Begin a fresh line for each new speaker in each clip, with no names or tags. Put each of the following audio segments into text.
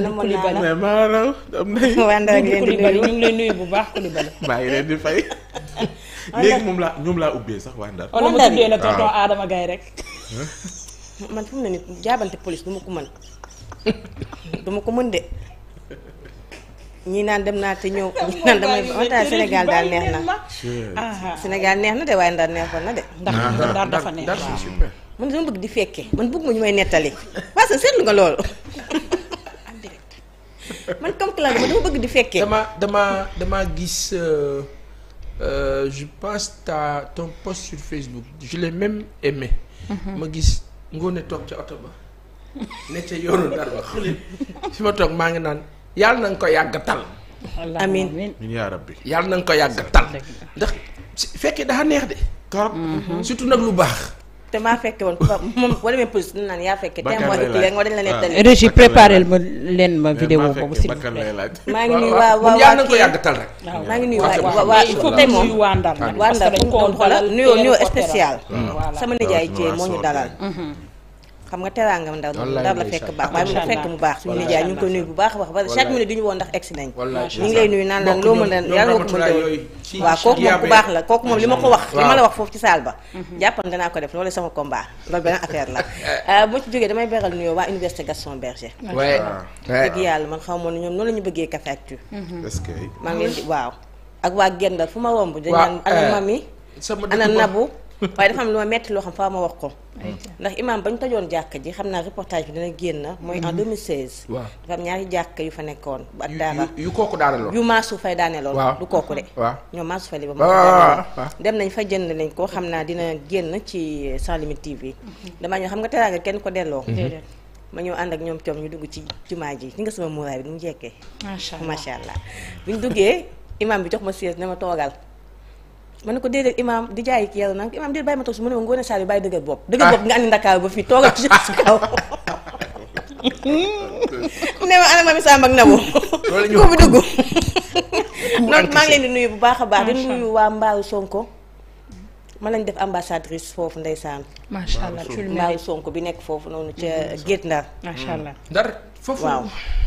na Coulibaly
ñu ngi lay bu baax Coulibaly maa ngi leen di fay
léegi moom
laa ñoom oh, ma
ah.
man fu mu ne ni jaabante police du ko mën du ko mën de ñii naan dem naa te ñëw ñii naan damay en tout Sénégal daal neex na Sénégal neex na de waaye Ndar neexoon na de ndax ah, Ndar dafa neex dama bëgg di fekke man bëgg ma ñu may nettali parce que seetlu nga loolu man comme que la dama bëgg di fekkee. dama dama dama gis euh,
euh, je pense ta ton post sur Facebook je l'ai même aimé. Mhm. ma gis ngoone toog ca oto ba. ne ca yoonu dara ba xulil ma toog maa ngi naan yàlla na nga ko yàgg tal.
amiin yaa
bi yàlla na nga ko yàgg
tal. ndax fekkee dafa neex de. trop mhm. surtout nag lu baax. maa fekke woon moom boo demee police dina yaa fekke te moo dañ la nettali ah. régie préparé
ma leen ma eh, vidéo boobu s'il vous plaît maa ngi nuyu waa waa waa waaw
maa ngi nuyu waa waa tey moom waa Ndar waa Ndar xoolal nuyoo nuyoo spécial hmm. sama nijaay Dieng moo ñu dalal xam nga teraanga ndaw ndar la fekk baax waaye mu fekk mu baax suñu nijaay ñu ngi koy nuyu bu baax a baax chaque minute duñu woon ndax egsi nañ ñu ngi lay nuyu naan la loo mën a yàlla nga ko mën a waaw mhm. loolu euh, ma ne mhm. naan euh, nabu waaye dafa am lu ma metti loo xam faa ma wax ko mm. ndax imaam ba ñu tajoon jàkka ji xam naa reportage bi dana génn mooy en 2016 mm-hmm. waaw dafa am ñaari jàkka yu fa nekkoon bu at daala yu kooku daaneloon yu maasu fay daaneloon du kooku de waaw ñoom maasu fay li ba ma dem nañ fa jënd lañ ko xam naa dina génn ci Sans Limites TV mm-hmm. damaa ñoo xam nga teraanga kenn ko delloo mm-hmm. ma ñëw ànd ak ñoom coom ñu dugg ci jumaa ji li nga sama muuraay bi ni mu jekkee macha allah bu ñu duggee imaam bi jox ma siège ne ma toogal ma ne ko déedéet imaam di jaay ki yàlla nag imaam déedéet bàyyi ma toog si mu ne ma Ngoné Saliou bàyyi dëgër bopp ah. dëgër bopp nga andi Ndakaaru ba fii toogal ci sa kaw ne ma ana mami Samb ak Nabou ko fi dugg donc maa ngi leen di bu baax a baax di waa Mbaaru Sonko ma lañ def ambassadrice foofu ndeysaan macha allah Mbaaru Sonko bi nekk foofu noonu ca Géet Ndar macha allah Ndar foofu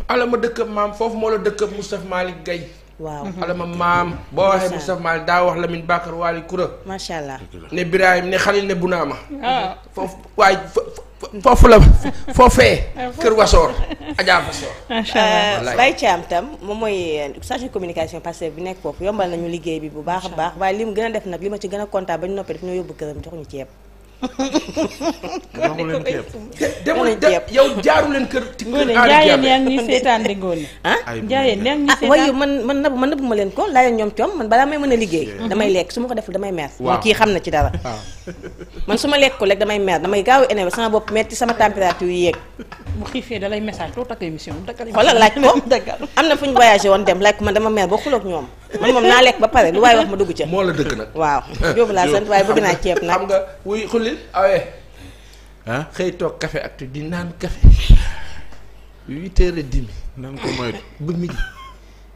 ala ma maam foofu moo la dëkkab Moustapha Malick Guèye waaw mhm. alama maam boo waxee Moustapha Maal daa wax Lamine Bakar Waly Koura. macha allah ne Birahim ne Xalil ne Bunaama. waaw ah. foofu waay foofu la foofee. Ah, Kër Wasoor Adja Fasoor. macha allah euh, Baye
Thiam tam moom mooy euh, station communication Pastef bi nekk foofu yombal nañu liggéey bi bu baax a baax. waaye li gën a def nag li ci gën a kontaan ba noppee daf ñoo yóbbu këram jox ñu ceeb.
waxu leen ceeb demoon yow jaaru leen kër. ci kër jaayeen yaa ngi ñuy
seetaan de ngoone. ah jaayeen ah? yaa ngi ñuy seetaan ah, waaye man man nabu man nabu ma leen ko ñoom coom man balaa may mën a liggéey. damay lekk su ma ko deful damay mer. waaw kii xam na ci dara. Ah. man su ma lekk ko lekk damay mer damay gaaw a énervé sama bopp metti sama température yi yéeg.
bu xiifee dalay message loo takk émission xoolal laaj
ko am na fu ñu voyagé woon dem laaj ko man dama mer ba xuloog ñoom moom naa lekk ba pare lu waaye wax ma dugg ca moo la dëgg nag waaw jóobu laa sant bëgg naa ceeb nag nga wuy xulil awee
ah xëy toog café ak di naan café huit heures et demi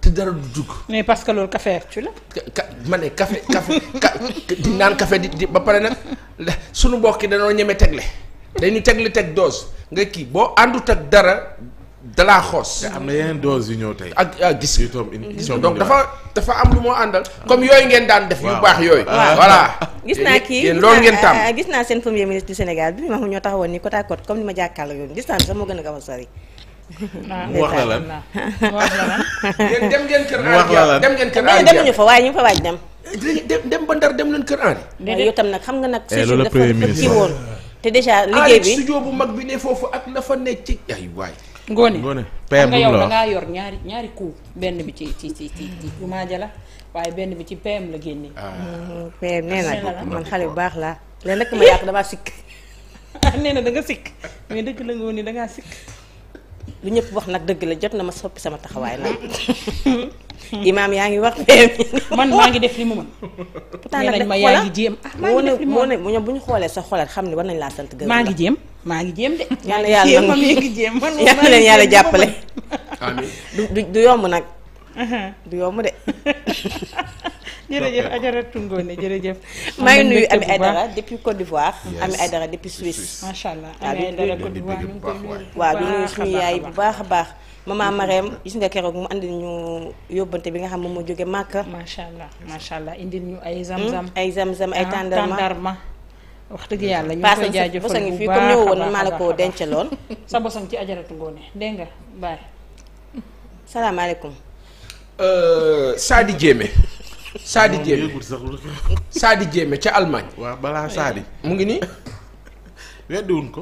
que loolu café actu la. di naan café di ba pare nag sunu mbokk yi dañoo ñeme tegle dañu tegle teg doos nga kii boo àndut ak dara dalaa xoos. te am na yeneen doses yu ñëw tey. ak ah gis nga donc dafa dafa am lu moo àndal. comme yooyu ngeen daan def. yu baax yooyu. voilà gis naa kii loolu ngeen tàmm
gis naa seen premier ministre du Sénégal bi ma ñoo taxawoon ni côte à côte ma jàkkaarloo yoon distance a gaaw a sori. la lan mu wax la lan. yéen dem ngeen kër Henri dem ngeen kër Henri demuñu waaye ñu fa waaj eh, dem. dem ba Ndar dem leen kër Henri. tam nag xam nga nag. Eh, loolu la premier ministre
te déjà liggéey bi studio bu mag bi ne foofu ak la fa nekk ci ay
ngoone ngoone PM nga
yow da yor ñaari ñaari coup benn bi ci ci ci ci ci Jumaaja la waaye benn bi ci PM la génne. Ah. Mm-hmm. PM nee na man xale bu baax laa. léegi nag ma yàq damaa sikk. nee na da nga sikk mais dëgg la nga woon sikk.
lu ñëpp wax nag dëgg la jot na ma soppi sama taxawaay nag imaam yaa ngi wax man maa ngi def li mu mën pourtant nag dañ ma yaa ngi jéem ah maa ngi xoolee sa xoolaat xam ne war nañ laa sant gërëm maa ngi jéem maa ngi jéem de yàlla yàlla
man yàlla leen yàlla jàppale
amiin du du yomb nag du yomb de jërëjëf ajaratu Ngoné jërëjëf. maa ngi nuyu Ami Aydara depuis Côte d'Ivoire. ay Aydara depuis Suisse. macha allah Ami waaw di nuyu suñu yaay bu baax a baax. ma Marème gis nga keroog mu andi ñu yóbbante bi nga xam moom moo jóge Màkka. macha allah macha allah
indil ñu ay zamzam. Hmm? ay zamzam ay ah, tàndarma wax dëgg yàlla ñu ngi koy jaajëfal bu baax a ngi fii comme ñëw woon ci ajaratu Ngoné dégg nga baay.
Euh, Sadi Diémé. Saadi Jéeme Saadi Jéeme ca Allemagne. waaw balaa Saadi. mu ngi nii. weddiwuñ ko.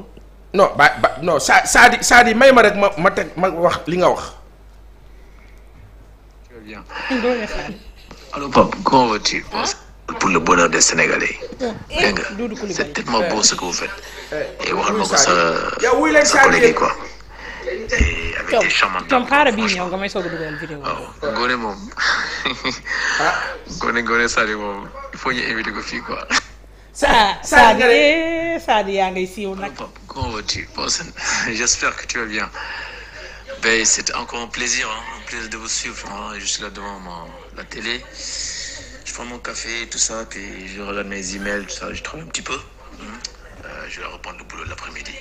non ba ba non Sa Saadi Saadi may ma rek ma ma teg ma wax li nga wax. très bien. kaw
Tom xaaral bii ñëw nga may soog a dugal vidéo waaw
Ngoné moom Ngoné Ngoné Sadio moom il faut ñu invité ko fii quoi.
Sa Sadio Sadio yaa ngay siiw nag.
comment vas-tu bon j'espère que tu vas bien. plaisir, de vous suivre. Hein. là devant la télé. Je prends mon café, tout ça, puis je regarde mes emails, tout Je travaille un petit peu. Hein. Euh, je vais reprendre le boulot de l'après-midi.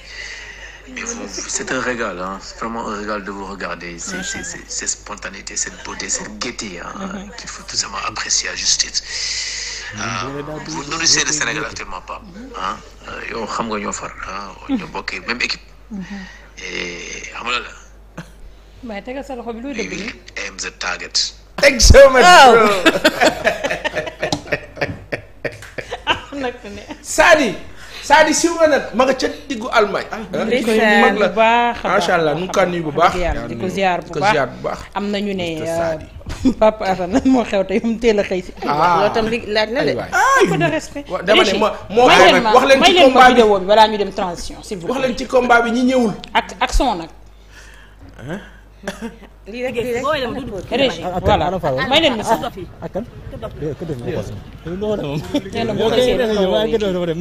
C'est un régal, hein. c'est un régal de vous regarder. C'est cette spontanéité, cette beauté, cette gaieté hein, mm qu'il faut tout simplement apprécier à justice. Euh, vous nourrissez le Sénégal actuellement pas. Mm-hmm. Hein. Euh, yow xam nga ñoo far ñoo bokkee même équipe. et xam nga la.
waaye tegal sa loxo bi luy dëgg nii.
aim the target.
thanks so much bro.
ah nag ne. Sadi. Saadi siiw nga nag ma nga ca diggu Allemagne. Ah, ah, di ko mag la macha allah nu kan nuyu bu baax. di ko ziar bu
baax am na ñu ne. Euh, papa Assane lan moo xew te mu teel a xëy si. ah loolu tam bi laaj na de. aywa ah, moo wax leen ci combat bi vidéo bi balaa ñu dem transition. s'il vous plaît wax leen ci combat bi ñi ñëwul. ak ak son nag.
lii rek lii rek régie voilà may leen ma sax ak ah, ah,
ah, kan ko def mo xoss do wala mom neena mo xé wa nga do do dem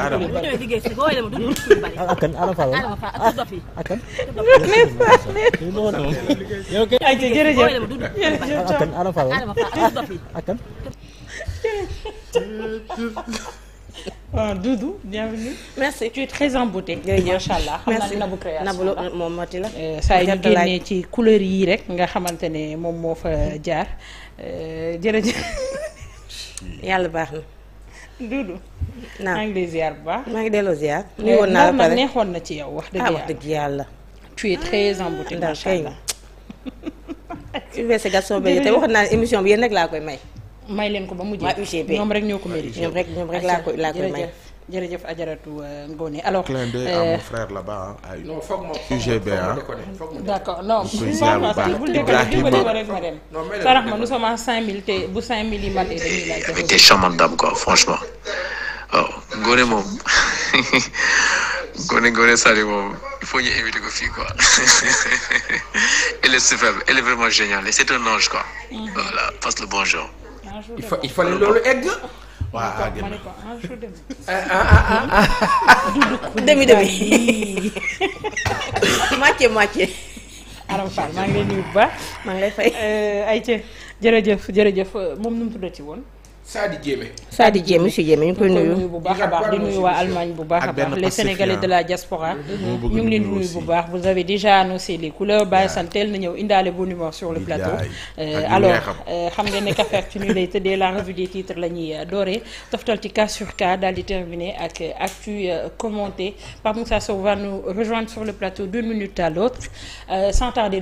adam bu ñëwé
liggéey ci gooy dama du
bari ak kan ala fa
ak dof yi
ak kan do wala mom yow kay ay jërëjëf ak kan ala fa ak dof yi ak kan ah Doudou bienvenue.
merci tu es très emboutée. jërëjëf allah xam naa ne Nabou création Nabou la moom mati la. Euh, saa yu ñu génnee
ci couleur yii rek nga xamante ne moom moo fa jaar euh, jërëjëf. yàlla baax na. Doudou. naam maa ngi lay ziar bu baax. maa ngi delloo ziar. nuyoon naa neexoon na ci yow wax dëgg ah, yàlla wax dëgg yàlla. tu es très emboutée macha allah.
UVC Gaston Berger te waxoon naa émission bi yéen rek laa koy may. may
leen ko ba mu jeex ñoom rek ñoo ko mérite ñoom rek ñoom rek laa ko laa koy may jërëjëf Ajaratu euh, Ngoné alors. clin d'œil à euh, mon frère là-bas ay UGB ah. d'accord non. bul déconné sama 5000 te bu 5000 yi matee dañuy laaj.
t'es charmante dame quoi franchement waaw moom Ngoné Ngoné Sali moom il faut ñu inviter ko fii quoi elle est superbe elle est vraiment géniale c'est un ange quoi. Mm-hmm. voilà passe le bonjour. il faut il fallait loolu egg. waaw
gën demi demi
moitié moitié Aram Fall maa ngi lay nuyu bu baax maa ngi lay fay. Euh, ayca jërëjëf jërëjëf euh, moom nu mu tuddati woon. Sadi Diémé
Sadi Diémé monsieur Diémé ñu ngi koy nuyu bu baax a baax di nuyu waa Allemagne
bu baax a baax les Sénégalais de la diaspora ñu ngi leen nuyu bu baax vous avez déjà annoncé les couleurs Baye Sall na ñëw indaale bonne sur le plateau euh, alors euh, xam nga ne Café Actu ni lay tëddee la revue des titres la ñuy euh, dooree toftal ci cas sur cas daal di terminer ak actu commenté Pape Moussa Sow va nous rejoindre sur le plateau d'une minute à l'autre sans tarder